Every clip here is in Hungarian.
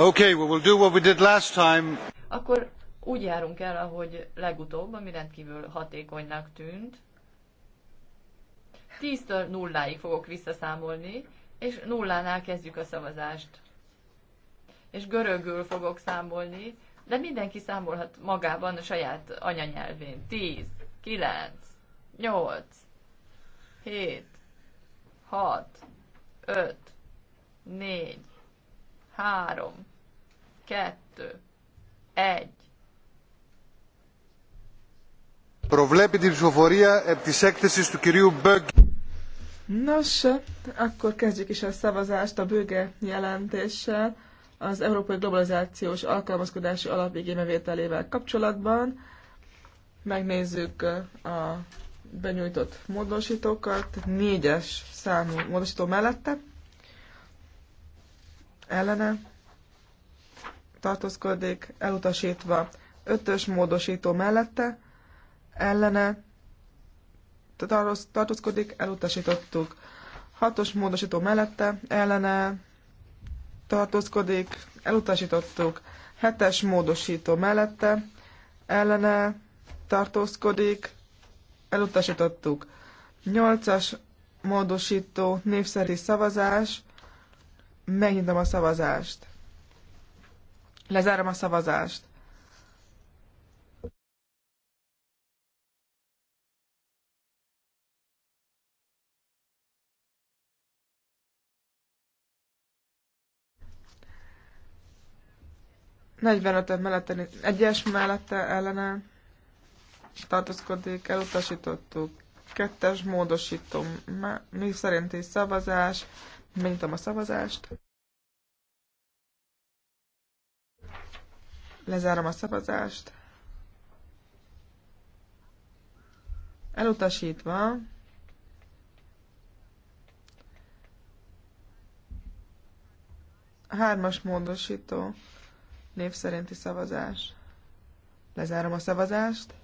Okay, we will do what we did last time. Akkor úgy járunk el, ahogy legutóbb, ami rendkívül hatékonynak tűnt. 10-től nulláig fogok visszaszámolni, és nullánál kezdjük a szavazást. És görögül fogok számolni, de mindenki számolhat magában a saját anyanyelvén. 10, 9, 8, 7, 6, 5, 4, Három, kettő, egy. Προβλέπει την ψηφοφορία επί της έκθεσης του κυρίου Nos, akkor kezdjük is a szavazást a bőge jelentéssel az Európai Globalizációs Alkalmazkodási Alap igénybevételével kapcsolatban. Megnézzük uh, a benyújtott módosítókat, négyes számú módosító mellette ellene tartózkodik, elutasítva. Ötös módosító mellette ellene tartózkodik, elutasítottuk. Hatos módosító mellette ellene tartózkodik, elutasítottuk. Hetes módosító mellette ellene tartózkodik, elutasítottuk. Nyolcas módosító név szavazás, Megnyitom a szavazást. Lezárom a szavazást. Negyvenötöt mellette, egyes mellette ellene tartózkodik, elutasítottuk. Kettes módosítom, mi szerinti szavazás, Megnyitom a szavazást. Lezárom a szavazást. Elutasítva. Hármas módosító név szerinti szavazás. Lezárom a szavazást.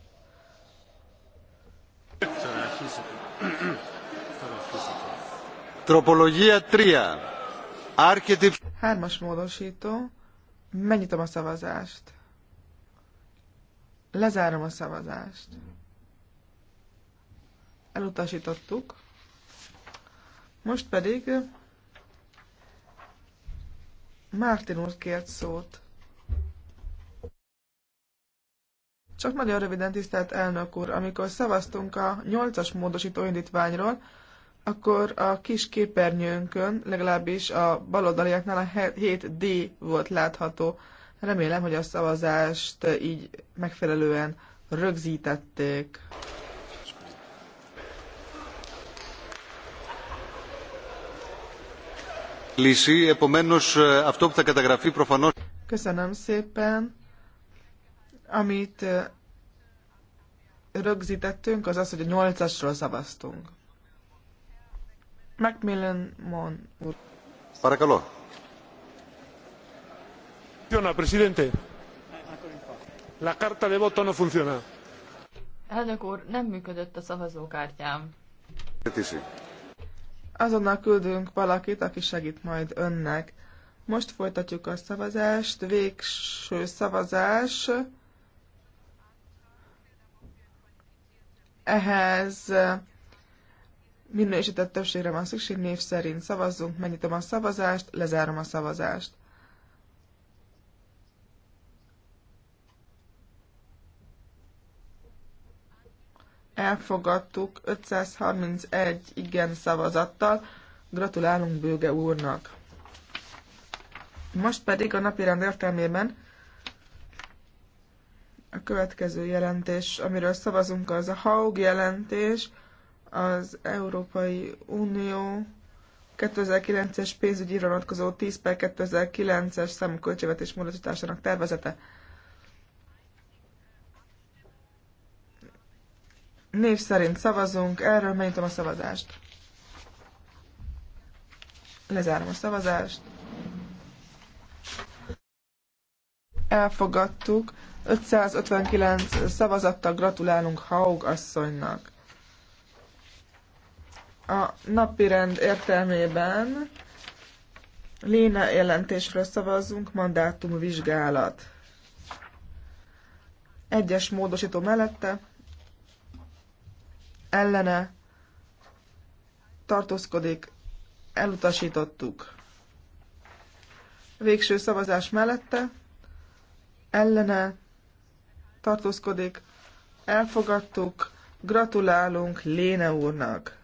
Τροπολογία 3. Άρχεται... Hármas módosító. Megnyitom a szavazást. Lezárom a szavazást. Elutasítottuk. Most pedig Mártin úr kért szót. Csak nagyon röviden, tisztelt elnök úr, amikor szavaztunk a 8-as módosító indítványról, akkor a kis képernyőnkön, legalábbis a baloldaliaknál a 7D volt látható. Remélem, hogy a szavazást így megfelelően rögzítették. Lisi, epomenos, αυτό που θα καταγραφεί προφανώς... Köszönöm szépen. Amit rögzítettünk, az az, hogy a 8 szavaztunk. Macmillan Mon Παρακαλώ. Funciona, presidente. La carta de voto no funciona. Elnök úr, nem működött a szavazókártyám. Azonnal küldünk valakit, aki segít majd önnek. Most folytatjuk a szavazást. Végső szavazás. Ehhez minősített többségre van szükség, név szerint szavazzunk, megnyitom a szavazást, lezárom a szavazást. Elfogadtuk 531 igen szavazattal. Gratulálunk Bőge úrnak! Most pedig a napirend értelmében a következő jelentés, amiről szavazunk, az a HAUG jelentés, az Európai Unió 2009-es pénzügyi vonatkozó 10 per 2009-es számú költségvetés módosításának tervezete. Név szerint szavazunk, erről megnyitom a szavazást. Lezárom a szavazást. Elfogadtuk. 559 szavazattal gratulálunk Haug asszonynak a napirend értelmében Léna jelentésről szavazzunk, mandátum vizsgálat. Egyes módosító mellette, ellene tartózkodik, elutasítottuk. Végső szavazás mellette, ellene tartózkodik, elfogadtuk, gratulálunk Léne úrnak.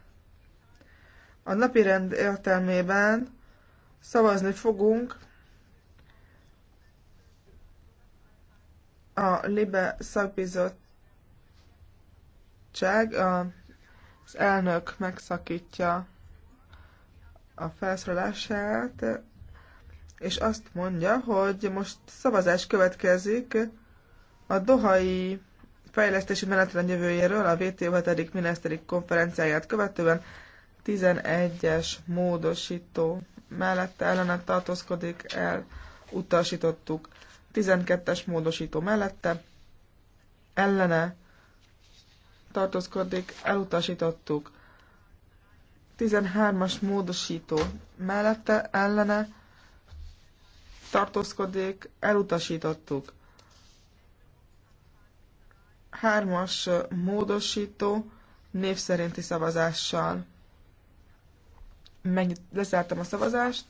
A napi rend értelmében szavazni fogunk a Libe szakbizottság, az elnök megszakítja a felszólását, és azt mondja, hogy most szavazás következik a Dohai fejlesztési menetlen jövőjéről a WTO 7. miniszteri konferenciáját követően, 11-es módosító mellette ellene tartózkodik el, utasítottuk. 12-es módosító mellette ellene tartózkodik, elutasítottuk. 13-as módosító mellette ellene tartózkodik, elutasítottuk. 3-as módosító név szerinti szavazással mennyi, lezártam a szavazást.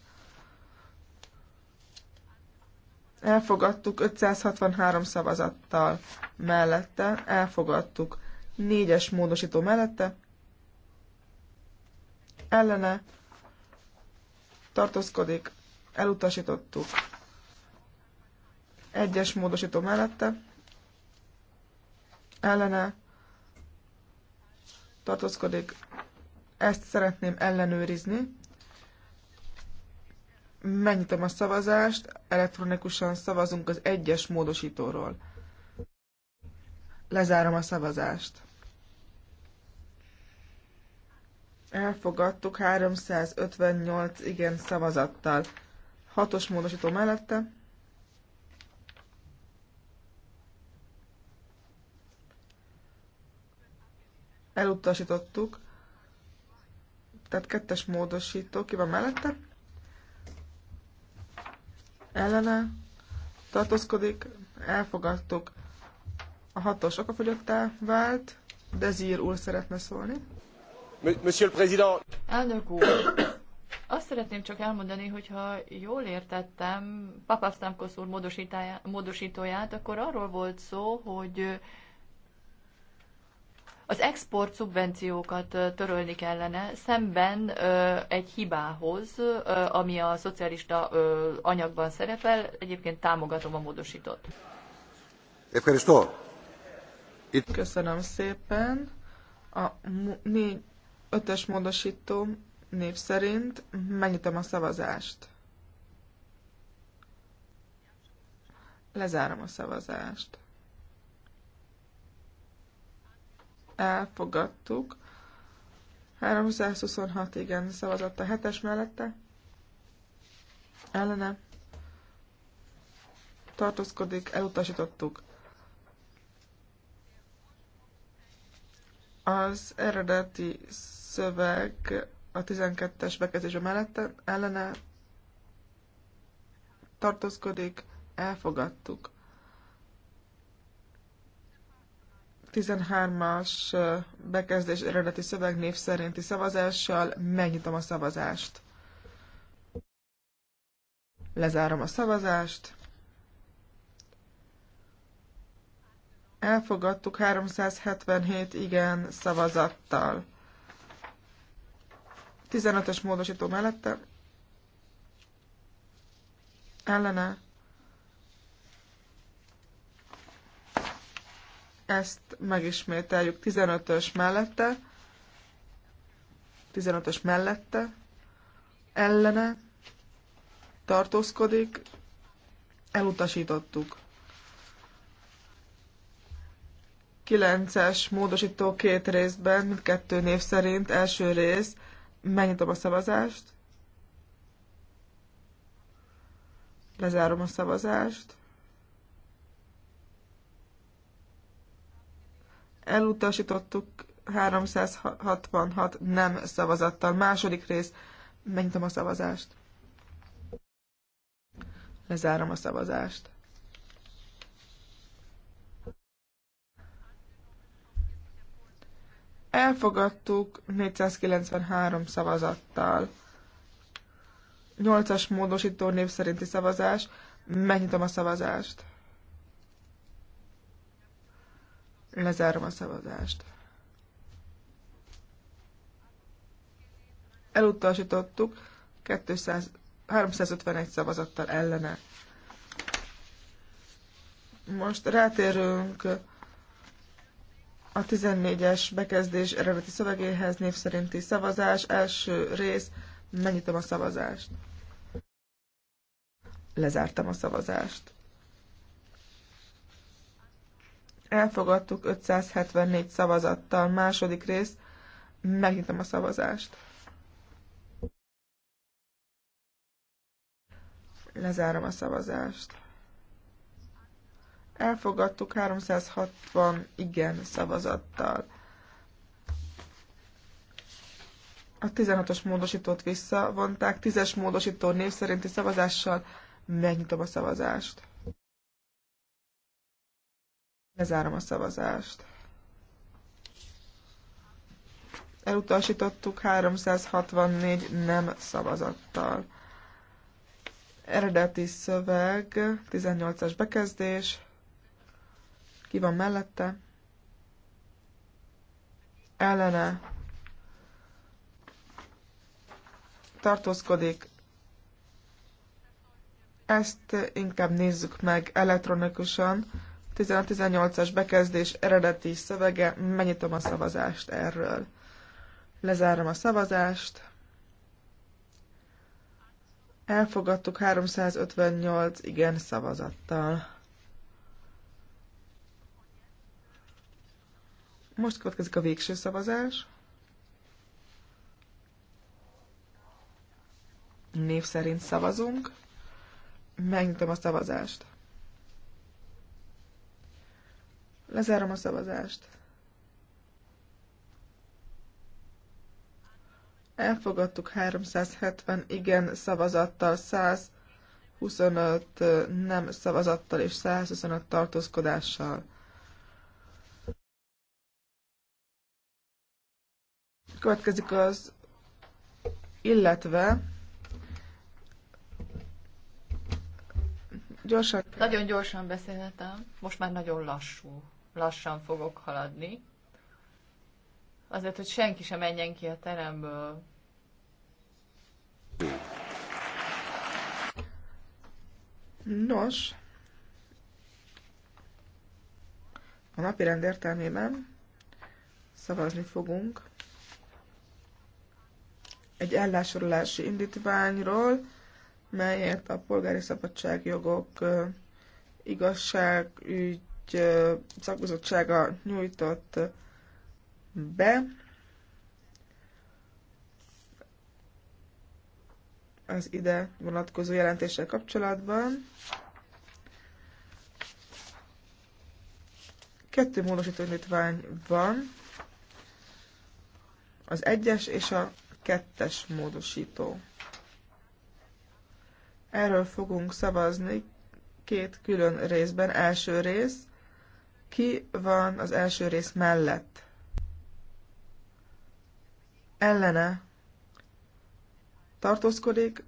Elfogadtuk 563 szavazattal mellette, elfogadtuk 4-es módosító mellette, ellene tartózkodik, elutasítottuk 1-es módosító mellette, ellene tartózkodik, ezt szeretném ellenőrizni. Megnyitom a szavazást, elektronikusan szavazunk az egyes módosítóról. Lezárom a szavazást. Elfogadtuk 358 igen szavazattal. Hatos módosító mellette. Elutasítottuk. Tehát kettes módosító, ki van mellette? Ellene tartózkodik, elfogadtuk. A hatos okafogyottá vált, Dezír úr szeretne szólni. Monsieur le Président! Elnök úr! Azt szeretném csak elmondani, hogy ha jól értettem Papasztámkosz úr módosítóját, akkor arról volt szó, hogy az export szubvenciókat törölni kellene szemben egy hibához, ami a szocialista anyagban szerepel. Egyébként támogatom a módosított. Itt... Köszönöm szépen. A négy, ötös módosító név szerint megnyitom a szavazást. Lezárom a szavazást. elfogadtuk. 326 igen szavazott a hetes mellette. Ellene tartózkodik, elutasítottuk. Az eredeti szöveg a 12-es bekezdése mellette ellene tartózkodik, elfogadtuk. 13-as bekezdés eredeti szöveg név szerinti szavazással megnyitom a szavazást. Lezárom a szavazást. Elfogadtuk 377 igen szavazattal. 15-ös módosító mellette. Ellene Ezt megismételjük 15-ös mellette, 15-ös mellette, ellene, tartózkodik, elutasítottuk. 9-es módosító két részben, mindkettő név szerint, első rész, megnyitom a szavazást, lezárom a szavazást, Elutasítottuk 366 nem szavazattal. Második rész. Megnyitom a szavazást. Lezárom a szavazást. Elfogadtuk 493 szavazattal. 8-as módosító név szerinti szavazás. Megnyitom a szavazást. Lezárom a szavazást. Elutasítottuk 200, 351 szavazattal ellene. Most rátérünk a 14-es bekezdés eredeti szövegéhez név szerinti szavazás. Első rész, megnyitom a szavazást. Lezártam a szavazást. elfogadtuk 574 szavazattal. Második rész, megnyitom a szavazást. Lezárom a szavazást. Elfogadtuk 360 igen szavazattal. A 16-os módosítót visszavonták, 10-es módosító név szerinti szavazással megnyitom a szavazást. Lezárom a szavazást. Elutasítottuk 364 nem szavazattal. Eredeti szöveg, 18-as bekezdés. Ki van mellette? Ellene. Tartózkodik. Ezt inkább nézzük meg elektronikusan 16-18-as bekezdés eredeti szövege, megnyitom a szavazást erről. Lezárom a szavazást. Elfogadtuk 358 igen szavazattal. Most következik a végső szavazás. Név szerint szavazunk. Megnyitom a szavazást. Lezárom a szavazást. Elfogadtuk 370 igen szavazattal, 125 nem szavazattal és 125 tartózkodással. Következik az illetve gyorsan. Nagyon gyorsan beszéltem, most már nagyon lassú lassan fogok haladni, azért, hogy senki sem menjen ki a teremből. Nos, a napi rend értelmében szavazni fogunk egy ellásorolási indítványról, melyet a polgári szabadságjogok igazságügy szakbizottsága nyújtott be. az ide vonatkozó jelentéssel kapcsolatban. Kettő módosító indítvány van, az egyes és a kettes módosító. Erről fogunk szavazni két külön részben. Első rész ki van az első rész mellett? Ellene. Tartózkodik.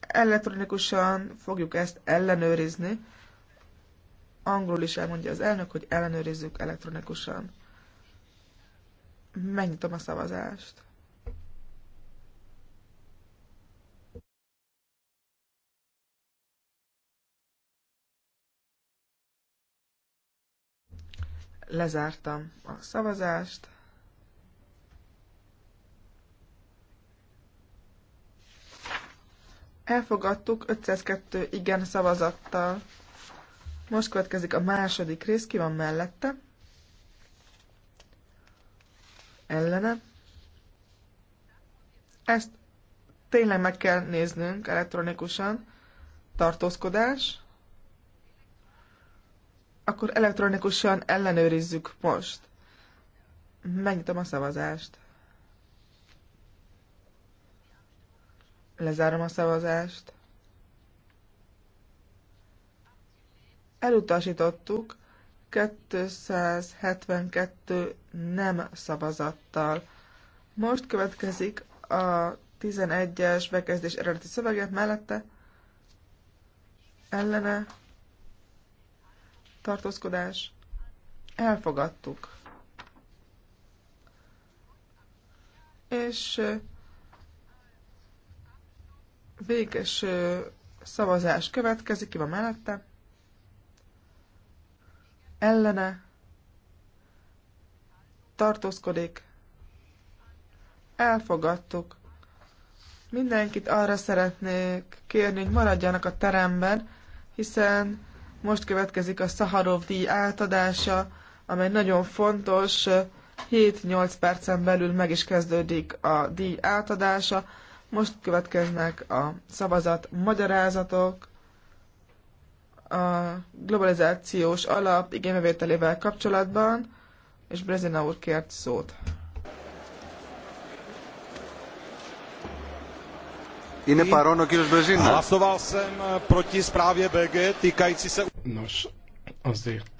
Elektronikusan fogjuk ezt ellenőrizni. Angolul is elmondja az elnök, hogy ellenőrizzük elektronikusan. Megnyitom a szavazást. Lezártam a szavazást. Elfogadtuk 502 igen szavazattal. Most következik a második rész, ki van mellette. Ellene. Ezt tényleg meg kell néznünk elektronikusan. Tartózkodás akkor elektronikusan ellenőrizzük most. Megnyitom a szavazást. Lezárom a szavazást. Elutasítottuk 272 nem szavazattal. Most következik a 11-es bekezdés eredeti szöveget mellette ellene tartózkodás, elfogadtuk. És véges szavazás következik, ki van mellette, ellene, tartózkodik, elfogadtuk. Mindenkit arra szeretnék kérni, hogy maradjanak a teremben, hiszen most következik a Szaharov díj átadása, amely nagyon fontos. 7-8 percen belül meg is kezdődik a díj átadása. Most következnek a szavazat magyarázatok, a globalizációs alap igénybevételével kapcsolatban, és Brezina úr kért szót. Hlasoval jsem eh, proti zprávě BG týkající se... Nos, azért